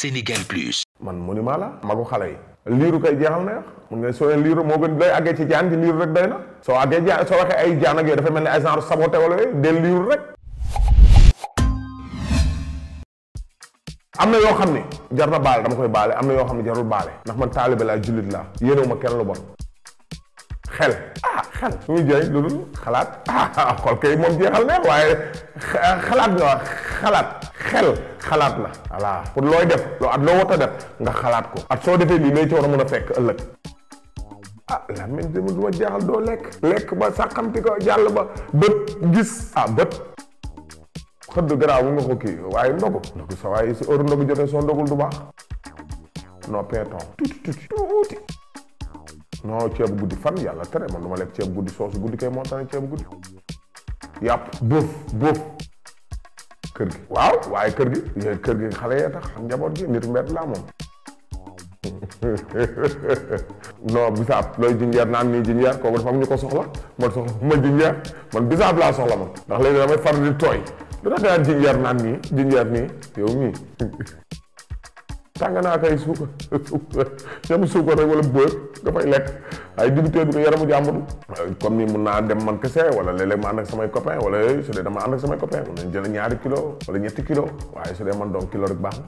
Sénégal Plus. man monument la magu xale yi. liiru kay jeexal na mun nga soo liiru moo gën day àggee ci jaan ci liiru rek day na. soo àggee soo waxee ay jaan ak yooyu dafa mel ni ay genre saboté wala yooyu del liiru rek. am na yoo xam ne jar na baale dama koy baale am na yoo xam ne jarul baale ndax man taalibe laa jullit laa yéenewu ma kenn lu bon xel. Ah, xel muy jooy xalaat ah, xool moom jeexal na waaye xalaat nga wax xalaat xel xalaat la voilà pour looy def loo at loo wat def nga xalaat ko at soo defee lii lay ci war a mën a fekk ëllëg ah la même dama du ma jeexal doo lekk lekk ba sàqamti ko jàll ba bët gis ah bët xëdd garaaw bu nga ko kii waaye ndogu ndogu sa waaye si heure ndogu jotee soo ndogul du baax non pinton tuuti tuuti tuuti non ceebu guddi fan yàlla tere man du lekk ceebu guddi soosu guddi kay moo tax ceebu guddi yàpp boof boof kër gi waaw waaye kër gi kër gi xale yee tax xam njaboot gi nitu mbedd laa moom non bisaab looy jinjeer naan nii jinjeer kooku dafa am ñu ko soxla man soxla man bisaab laa soxla man ndax léegi damay far di tooy lu tax nga jinjeer naan nii jinjeer nii yow mii sangana kay suukar suukar ñam suukar rek wala bër nga fay lekk ay dibitee bi ko yaramu jàmbur comme ni mun naa dem man kese wala léeg-léeg ma ànd ak samay copain wala yooyu su dee dama ànd ak samay copain mun jël ñaari kilo wala ñetti kilo waaye su dee man donc kilo rek baax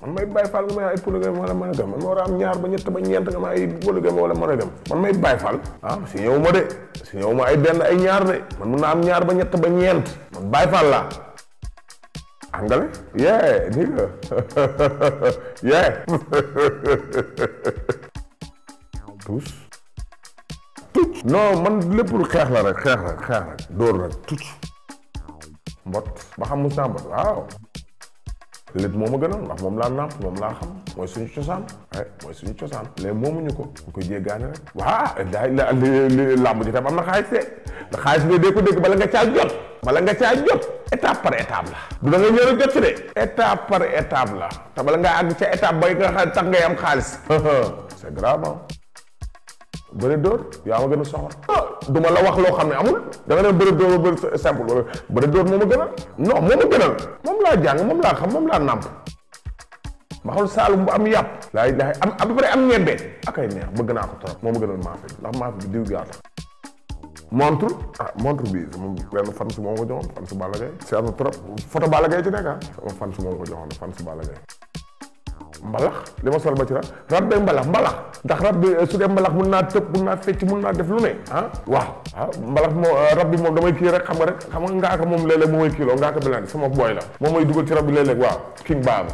man may bàyyi fal nga may ay polygame wala monogame man ma war a am ñaar ba ñett ba ñeent nga may ay polygame wala monogame man may bàyyi fal ah si ñëw ma de si ñëw ma ay benn ay ñaar de man mun am ñaar ba ñett ba ñeent man bàyyi fal la Angale? Yeah, nigga. yeah. tuus. tuc. non man lépp lu xeex la rek xeex rek xeex rek dóor rek tuc. mbot ba xam mu sàmbat waaw. lépp moom a gënal ndax moom laa nàmp moom laa xam mooy suñu cosaan ay mooy suñu cosaan léegi moomuñu ko ñu ko jéggaane rek waa e daay làmb ji tam am na xaalis de da xaalis bi dee ko dégg bala nga caa jot bala nga caa jot étape par étape la du da nga ñëw rek jot ci de étape par étape la te bala nga àgg ca étape ba nga xam tax ngay am xaalis c'est grave bëri dóor yaa ma gën a soxla ah du ma la wax loo xam ne amul da nga ne bëri dóor bëri simple wala bëri dóor moo ma gënal non moo ma gënal moom laa jàng moom laa xam moom laa nàmp ma xool saalum bu am yàpp laay laay am à peu près am ñebbe akay neex bëgg naa ko trop moo ma gënal maafe ndax maafe bi diw gaa montre ah montre bi benn fan su ko joxoon fan su trop photo ci nekk ah sama fan su ko joxoon fan su mbalax li ma sol ba ci rab rab day mbalax mbalax ndax rab bi euh, su dee mbalax mun naa tëb mun naa fecc mun naa def lu ne ah waaw ah mbalax moo euh, rab bi moom damay kii rek xam nga rek xam nga ngaaka moom léeg-léeg moom mooy kiiloo ngaaka bi laan sama booy la moom may dugal ci rab bi léeg-léeg waaw king baaba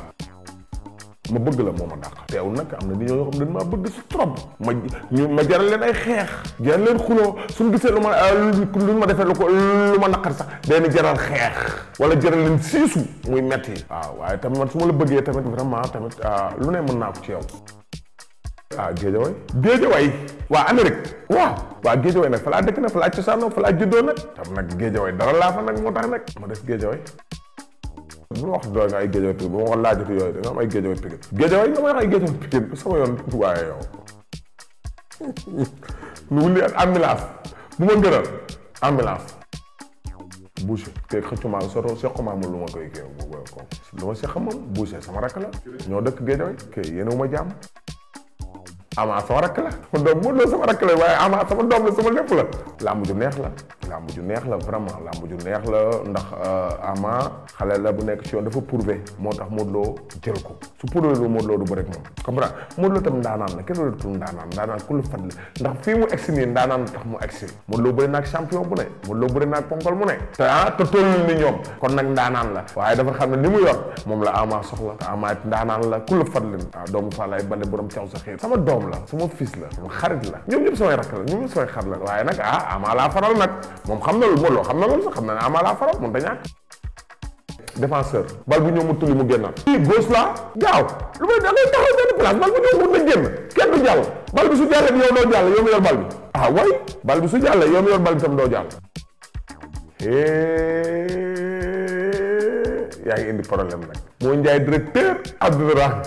ma bëgg la moo ma dàq teewul nag am na ni ñoo xam ne maa bëgg si trop ma ñu ma jaral leen ay xeex jaral leen xuloo suñu gisee lu ma euh, lu ma defee lu ko lu ma naqari sax day jaral xeex wala jaral leen siisu muy metti waaw waaye tamit man su ma la bëggee tamit vraiment tamit euh, lu ne mën naa ko ci yow ah géejawaay géejawaay waa Amérique waaw waa géejawaay nag fa laa dëkk nag fa laa cosaanoo fa laa juddoo nag tam nag géejawaay dara laa fa nag moo tax nag ma des géejawaay bu wax doy nga ay géejoo Pikine bu ma ko laajatu yooyu da nga ay géejoo Pikine géejoo yi nga may wax ay géejoo Pikine sama yoon waaye yow lu wuli ak ambulance bu ma gënal ambulance Boucher te xëccu maa soto sequ lu ma koy kii lu ma seq moom Boucher sama rakk la ñoo dëkk géejoo yi kii wu ma jàmm Ama sama rakk la sama doom mu sama rakk la waaye Ama sama doom la sama lépp ju neex la làmb ju neex la vraiment làmb ju neex la ndax euh, Ama xale la bu nekk ci yoon dafa prouvé moo tax Modou Lo jël ko su prouvé lu Modou Lo du bëre ak moom comprendre Modou Lo tam ndaanaan la kenn doon tudd ndaanaan ndaanaan ku lu fat la ndax fii mu egsi nii ndaanaan tax mu egsi Modou Lo bëri ne mu ne te ah ni ñoom kon nag ndaanaan la waaye dafa xam ne li mu yor moom la Ama soxla te Ama it ah, xarit la ñoom ñëpp samay rakk la ñoom waaye nag ah Ama laa faral nag moom xam na lu Modou xam na loolu sax xam na ne Ama laa faral mën bu ñëw mu tulli mu génnaat kii gauche la gaaw lu may da ngay benn place bal bu ñëw mun na génn kenn du jàll bal bi su jàllee bi yow doo jàll yow mi yor bal bi ah way bal bi su jàllee yow mi yor bal bi tam doo jàll yaa ngi indi problème nag moo njaay directeur Abdourahmane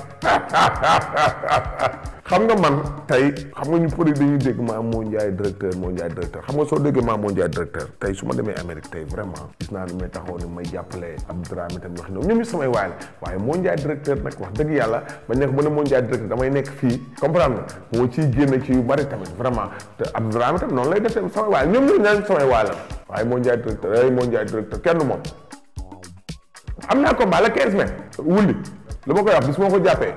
xam nga man tey xam nga ñu peut dañuy dégg maa moo njaay directeur moo njaay directeur xam nga soo déggee maa moo njaay directeur tey su ma demee Amérique tey vraiment gis naa ni may taxaw ni may jàppale ab drame tam wax ñoom ñoom ñu samay waay la waaye moo njaay directeur nag wax dëgg yàlla ba nekk ba ne moo njaay nekk fii comprendre moo ciy génn ci yu bari tamit vraiment te ab noonu lay def tamit samay waay ñoom ñoom ñaan samay waay la waaye moo njaay directeur ay moo njaay directeur kenn moom am naa combat la 15 mai wulli lu ma koy wax bis moo ko jàppee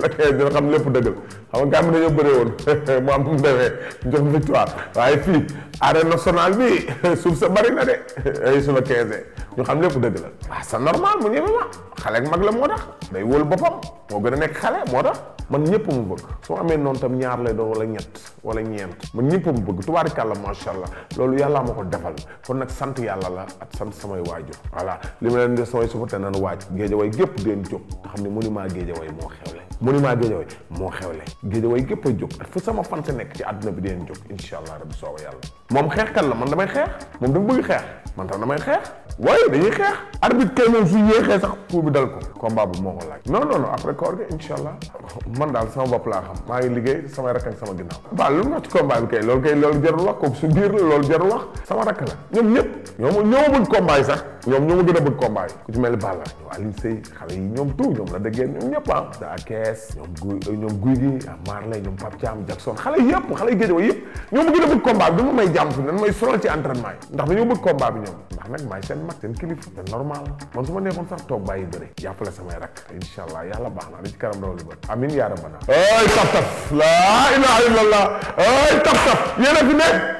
la kay xam lépp dëggal xam nga gàmm dañoo bëree woon mu am mu demee jox victoire waaye fii arène nationale bi suuf sa bari na de ay su la quinze ñu xam lépp dëgg la waaw c'est normal mu ñëwee ma xale mag la moo tax day wol boppam moo gën a nekk xale moo tax man ñëpp mu bëgg soo amee noonu tam ñaar lay doon wala ñett wala ñeent man ñëpp mu bëgg tubaarikàlla macha allah loolu yàllaa ma ko defal kon nag sant yàlla la ak sant samay waajur voilà li ma leen di samay supporter naan waaj géejawaay gépp deen jóg te xam ne monument géejawaay moo xewle monument Guédiawaye moo xewle Guédiawaye gépp a jóg fu sama fan sa nekk ci àdduna bi dinañ jóg incha allah rabbi sooba yàlla moom xeexkat la man damay xeex moom dafa bëgg xeex man tam damay xeex waaye dañuy bu moo ko laaj non non incha allah man daal sama bopp laa xam maa ngi liggéey samay rakk ak sama ginnaaw waaw lu mu wax ci bi kay loolu kay loolu jarul wax kooku su biir la loolu jarul wax sama rakk la ñoom ñëpp ñoom ñoo ma bëgg combat yi sax ñoom ñoo ma gën a bëgg combat ku ci mel ni Balla ñoom Alioune Seye xale yi ñoom tout ñoom ñoom guy ñoom ñoom Pape Thiam Jackson xale yëpp xale géej wa yëpp ñoom mu gën a bëgg combat bi dama may jàmm fi dañ may sonal ci entraînement yi ndax dañoo bëgg combat bi ñoom ndax nag maay seen mag seen kilifa te man su ma neexoon sax toog bàyyi bëri jàppale samay rak incha allah baax na da ci kanam raw li bër amin yaa rabbana ay taf taf la ilaha illallah ay taf taf yéen a fi nekk